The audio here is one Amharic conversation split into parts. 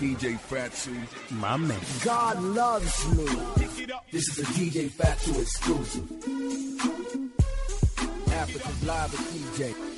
DJ Fatsu. My man. God loves me. This is a DJ Fatsu exclusive. Africa's Live with DJ.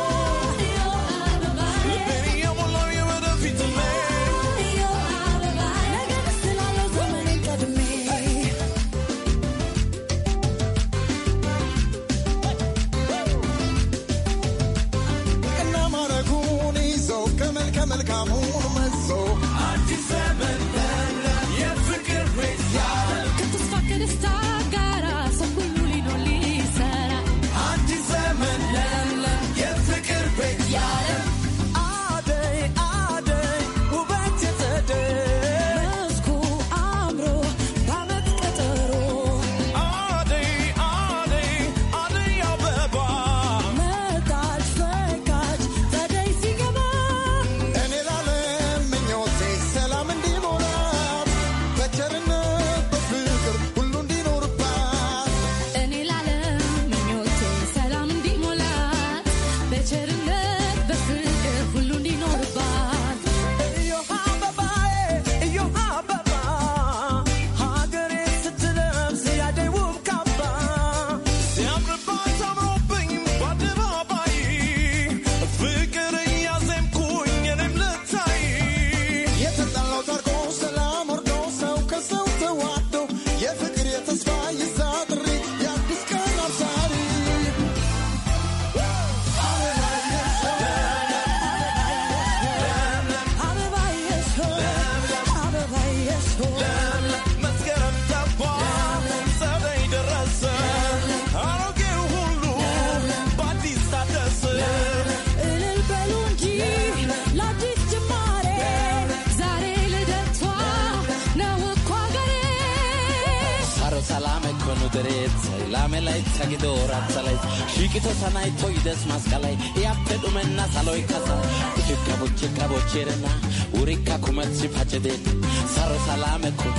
salaame ko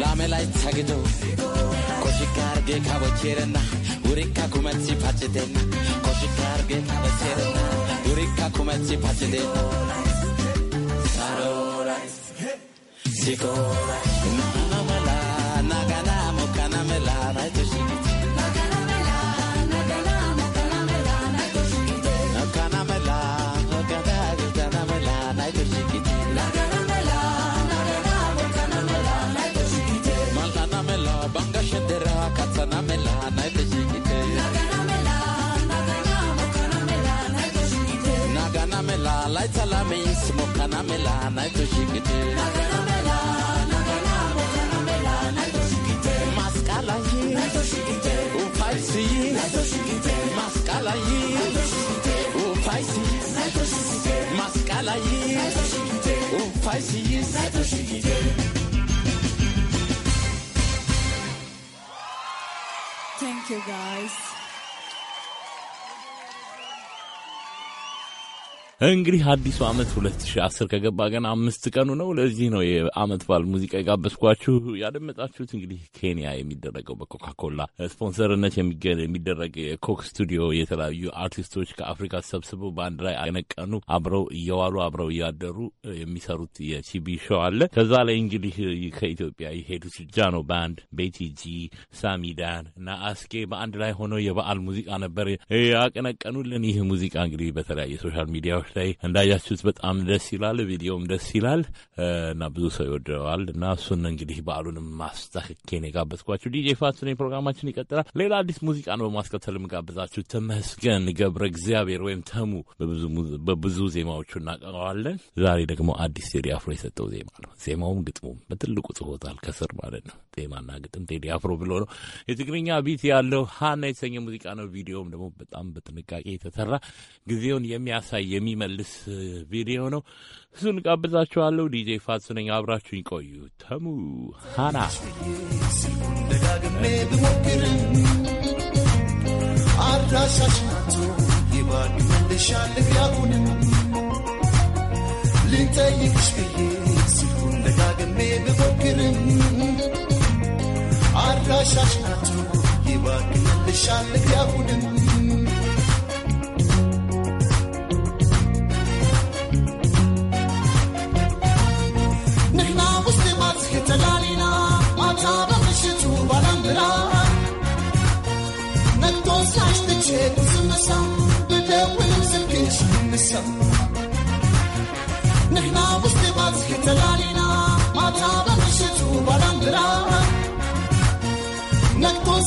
laamelay tagido koshikaargee kabocheerenna wurikka kumethi paccideenna koshikaargee kabocheerenna wurikka kumethi paccideenna Sikora, namamala, naganamo kanamela, naitoshikiti. Alayi, Thank you guys. እንግዲህ አዲሱ ዓመት 2010 ከገባ ገና አምስት ቀኑ ነው። ለዚህ ነው የዓመት በዓል ሙዚቃ የጋበዝኳችሁ። ያደመጣችሁት እንግዲህ ኬንያ የሚደረገው በኮካኮላ ስፖንሰርነት የሚደረግ የኮክ ስቱዲዮ የተለያዩ አርቲስቶች ከአፍሪካ ተሰብስበው በአንድ ላይ ያቀነቀኑ አብረው እየዋሉ አብረው እያደሩ የሚሰሩት የቲቪ ሾው አለ። ከዛ ላይ እንግዲህ ከኢትዮጵያ የሄዱት ጃኖ ባንድ፣ ቤቲጂ፣ ሳሚዳን እና አስኬ በአንድ ላይ ሆነው የበዓል ሙዚቃ ነበር ያቀነቀኑልን። ይህ ሙዚቃ እንግዲህ በተለያየ ሶሻል ሚዲያዎች ላይ እንዳያችሁት በጣም ደስ ይላል። ቪዲዮም ደስ ይላል እና ብዙ ሰው ይወደዋል እና እሱን እንግዲህ በዓሉንም ማስታከኬን የጋበዝኳችሁ ዲጄ ፋትኔ። ፕሮግራማችን ይቀጥላል። ሌላ አዲስ ሙዚቃን በማስከተል የምጋብዛችሁ ተመስገን ገብረ እግዚአብሔር ወይም ተሙ በብዙ ዜማዎቹ እናቀረዋለን። ዛሬ ደግሞ አዲስ ቴዲ አፍሮ የሰጠው ዜማ ነው። ዜማውም ግጥሙም በትልቁ ጽፎታል ከስር ማለት ነው። ዜማና ግጥም ቴዲ አፍሮ ብሎ ነው። የትግርኛ ቢት ያለው ሀና የተሰኘ ሙዚቃ ነው። ቪዲዮም ደግሞ በጣም በጥንቃቄ የተሰራ ጊዜውን የሚያሳይ የሚ የሚመልስ ቪዲዮ ነው። እሱን ጋብዛችኋለሁ። ዲጄ ፋሱ ነኝ። አብራችሁኝ ቆዩ። ተሙ ሃና ደጋግሜ ብሞክርም አድራሻሽ ናቶ የባዱ መለሻል ያሁንም ልንጠይቅሽ ብዬ ስልኩን ደጋግሜ ብሞክርም አድራሻሽ ናቶ የባዱ መለሻል ያሁንም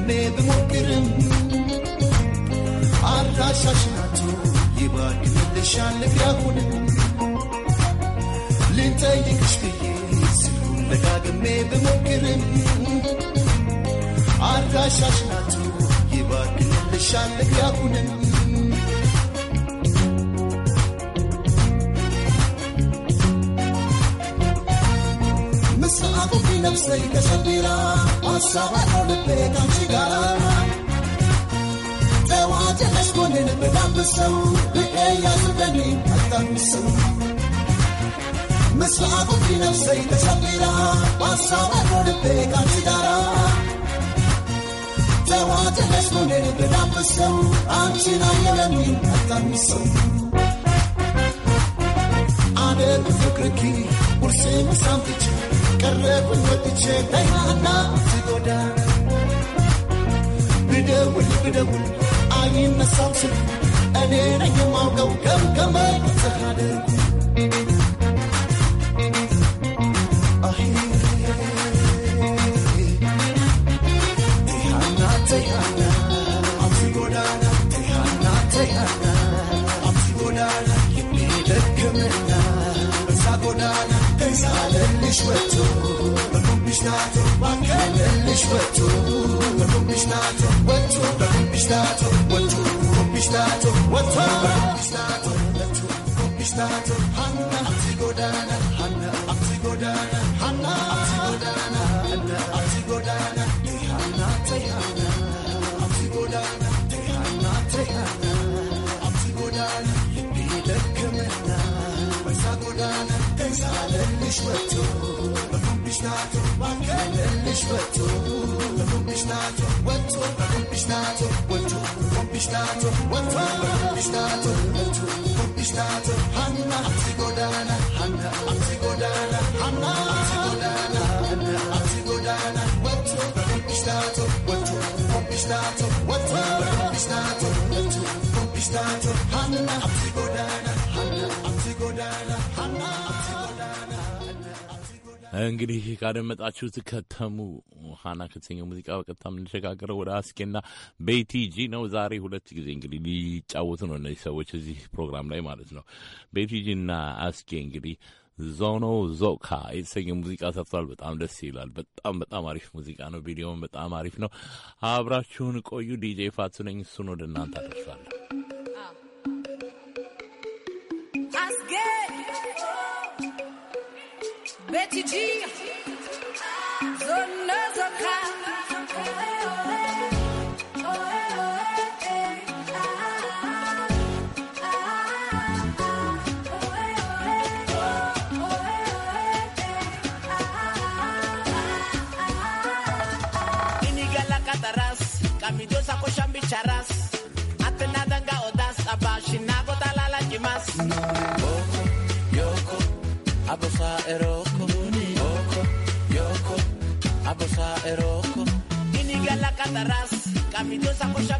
እኔ ብሞክርም አድራሻሽ ናቶ ይባልልሻል ቢያሁንም ልንጠይቅሽ ብዬ ደጋግሜ ብሞክርም አድራሻሽ ናቶ ነፍሰይ ተሰቢራ አሳባኖ ልቤ ካንቺ ጋራ ጠዋት የለሽ ጎኔን ብቄ ያዝበኒ አታምሰው ምስላቁቲ ነፍሰይ ተሰቢራ አሳባኖ ልቤ ካንቺ ጋራ ጠዋት የለሽ ጎኔን አንቺን አየለኒ አታምሰው አደብ ፍቅርኪ ቁርሴ ምሳምትች ቀረብኝ ወጥቼ ተይሃና ሲጎዳ ብደውል ብደውል አይነሳም ስልክ እኔ ነኝ የማውቀው ከምከመ ተሃደርኩ ليش مكتوب بحبش تعتب كان ليش مكتوب بحبش تعتب مكتوب بحبش تعتب مكتوب بحبش تعتب مكتوب بحبش تعتب مكتوب بحبش تعتب حنا في الجدانة حنا انسى على اللي شبته بحب اشتعته على اللي شبته بحب اشتعته وانتو بحب اشتعته وانتو بحب اشتعته وانتو بحب اشتعته وانتو بحب اشتعته حنا عطي قدانا حنا عطي قدانا حنا عطي قدانا حنا عطي قدانا وانتو بحب اشتعته وانتو بحب اشتعته وانتو بحب እንግዲህ ካደመጣችሁት ከተሙ ሀና ከተሰኘው ሙዚቃ በቀጥታ የምንሸጋገረው ወደ አስኬና ቤቲጂ ነው። ዛሬ ሁለት ጊዜ እንግዲህ ሊጫወቱ ነው እነዚህ ሰዎች እዚህ ፕሮግራም ላይ ማለት ነው። ቤቲጂ እና አስኬ እንግዲህ ዞኖ ዞካ የተሰኘ ሙዚቃ ሰርቷል። በጣም ደስ ይላል። በጣም በጣም አሪፍ ሙዚቃ ነው። ቪዲዮውን በጣም አሪፍ ነው። አብራችሁን ቆዩ። ዲጄ ፋቱ ነኝ። እሱን ወደ እናንተ አደርሳለሁ። Betty G. mi diosa, pues ya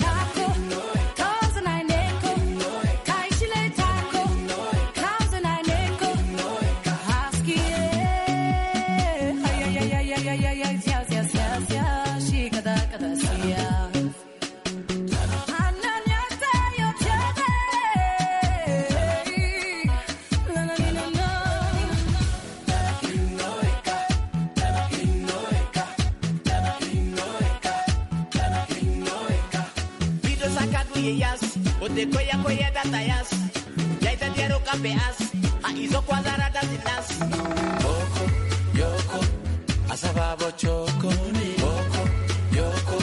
peasi ah, aizokwagala gazinasi boko yoko asaba bochoko boko yoko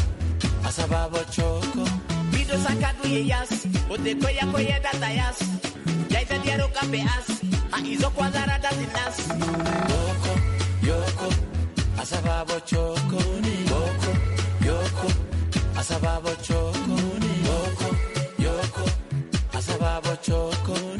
asaba bochoko bido sakadu yeyasi otekoyakoyedata yasi yaitadieruka peasi aizokwagala ah, gazinasi boko yoko asaba bochoko boko yoko asaba bochoko boko yoko asaba bochoko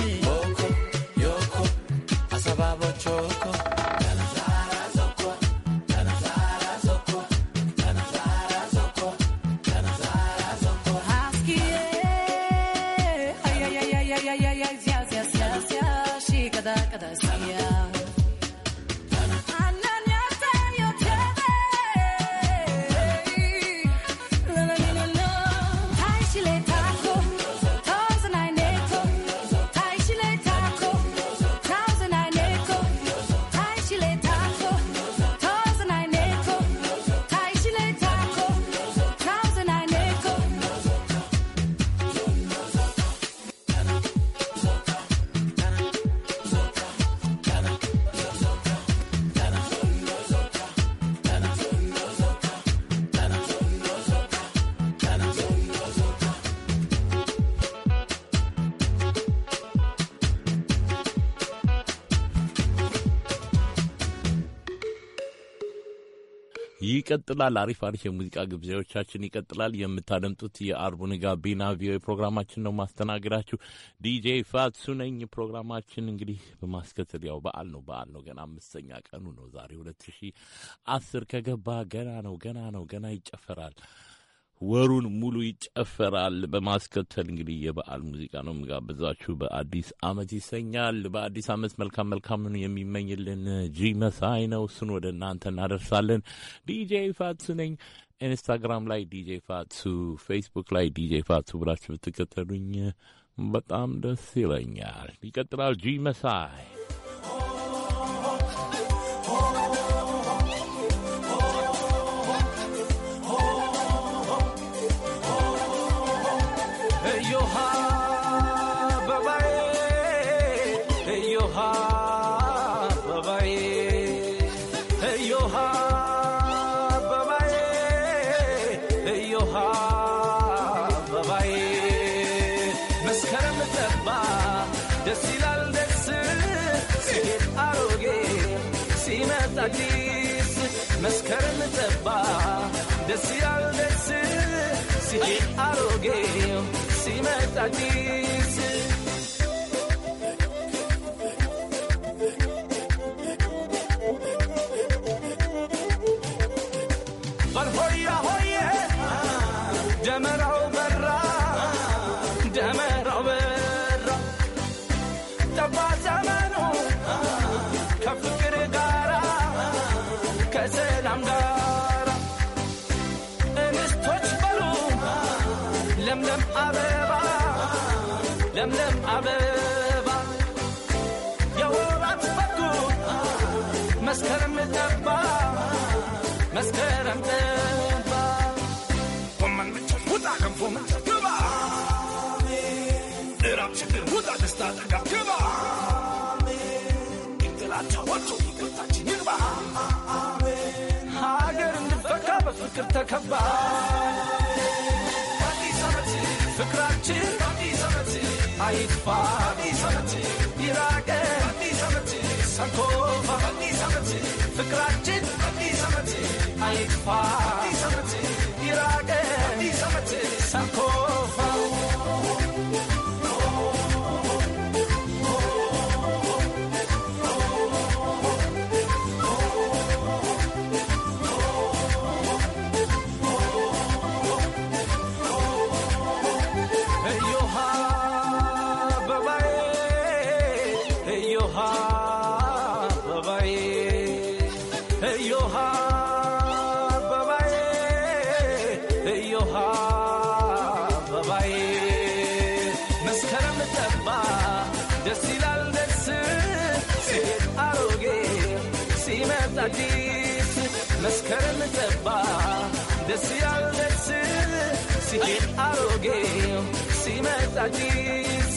ይቀጥላል። አሪፍ አሪፍ የሙዚቃ ግብዣዎቻችን ይቀጥላል። የምታደምጡት የአርቡን ጋቢና ቪኦኤ ፕሮግራማችን ነው። ማስተናግዳችሁ ዲጄ ፋትሱ ነኝ። ፕሮግራማችን እንግዲህ በማስከተል ያው በዓል ነው በዓል ነው ገና አምስተኛ ቀኑ ነው ዛሬ ሁለት ሺህ አስር ከገባ ገና ነው ገና ነው ገና ይጨፈራል። ወሩን ሙሉ ይጨፈራል። በማስከተል እንግዲህ የበዓል ሙዚቃ ነው የምጋብዛችሁ። በአዲስ አመት ይሰኛል። በአዲስ ዓመት መልካም መልካምን የሚመኝልን ጂ መሳይ ነው። እሱን ወደ እናንተ እናደርሳለን። ዲጄ ፋቱ ነኝ። ኢንስታግራም ላይ ዲጄ ፋቱ፣ ፌስቡክ ላይ ዲጄ ፋቱ ብላችሁ ብትከተሉኝ በጣም ደስ ይለኛል። ይቀጥላል ጂ መሳይ አዲስ መስከረም ጠባ ደስ ያለው ደስ ሲሄድ አሮጌው ሲመጣ አዲስ ሀገር እንድፈካ በፍቅር ተከባ ፍቅራችን አይጥፋ ፍቅራችን አዲስ ዓመት አይክፋ አዲስ ዓመት ተሰማ ደስ ይላል ደስ ሲሄድ አሮጌ ሲመጣ አዲስ መስከረም ገባ ደስ ይላል ደስ ሲሄድ አሮጌ ሲመጣ አዲስ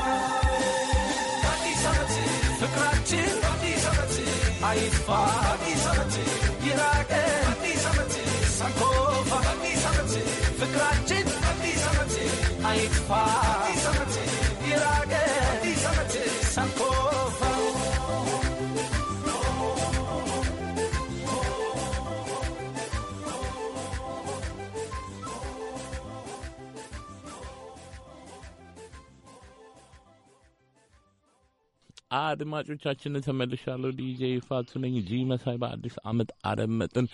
አይጥፋ ይራቀ ሳንኮፋ ፍቅራችን አይጥፋ አድማጮቻችን ተመልሻለሁ። ዲጄ ይፋቱ ነኝ። ጂ መሳይ በአዲስ ዓመት አደመጥን።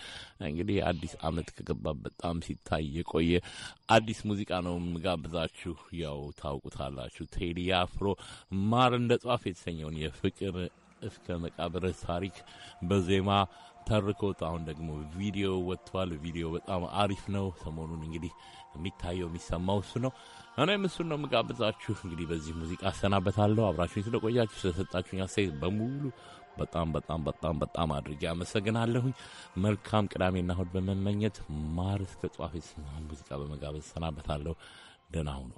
እንግዲህ አዲስ አመት ከገባ በጣም ሲታይ የቆየ አዲስ ሙዚቃ ነው ምጋብዛችሁ። ያው ታውቁታላችሁ፣ ቴዲ አፍሮ ማር እንደ ጧፍ የተሰኘውን የፍቅር እስከ መቃብር ታሪክ በዜማ ተርከ አሁን ደግሞ ቪዲዮ ወጥቷል። ቪዲዮ በጣም አሪፍ ነው። ሰሞኑን እንግዲህ የሚታየው የሚሰማው እሱ ነው። እኔም እሱን ነው የምጋብዛችሁ። እንግዲህ በዚህ ሙዚቃ አሰናበታለሁ። አብራችሁኝ ስለቆያችሁ ስለሰጣችሁኝ አስተያየት በሙሉ በጣም በጣም በጣም በጣም አድርጌ አመሰግናለሁኝ። መልካም ቅዳሜና እሑድ በመመኘት ማርስ ከጧፌ ሙዚቃ በመጋበዝ ሰናበታለሁ። ደህና ሁኑ።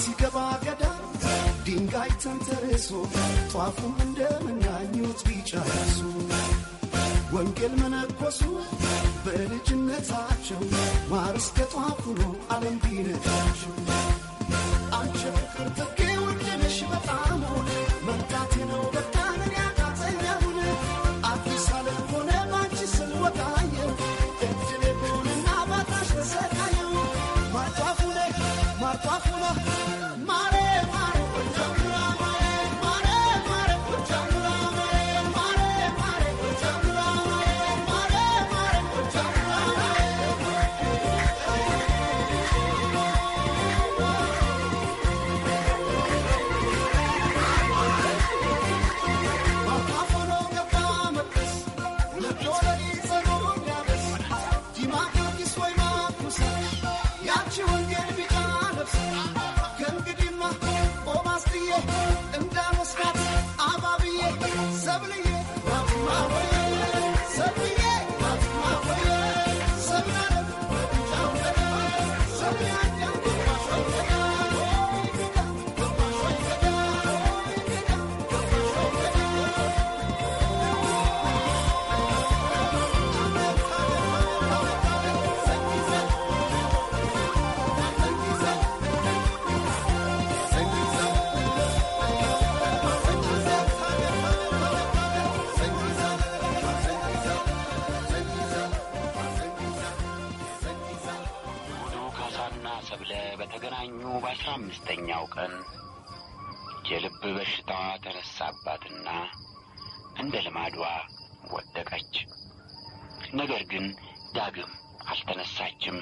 ሲገባ ገዳ ድንጋይ ተንተርሶ ጧፉም እንደምናኙት ቢጫ ሱ ወንጌል መነኮሱ በልጅነታቸው ማር እስከ ጧፍ ሆኖ ዓለም ቢነዳቸው አንቺ ፍቅር ትጌ ውድነሽ በጣም በተገናኙ በአስራ አምስተኛው ቀን የልብ በሽታዋ ተነሳባትና እንደ ልማዷ ወደቀች። ነገር ግን ዳግም አልተነሳችም።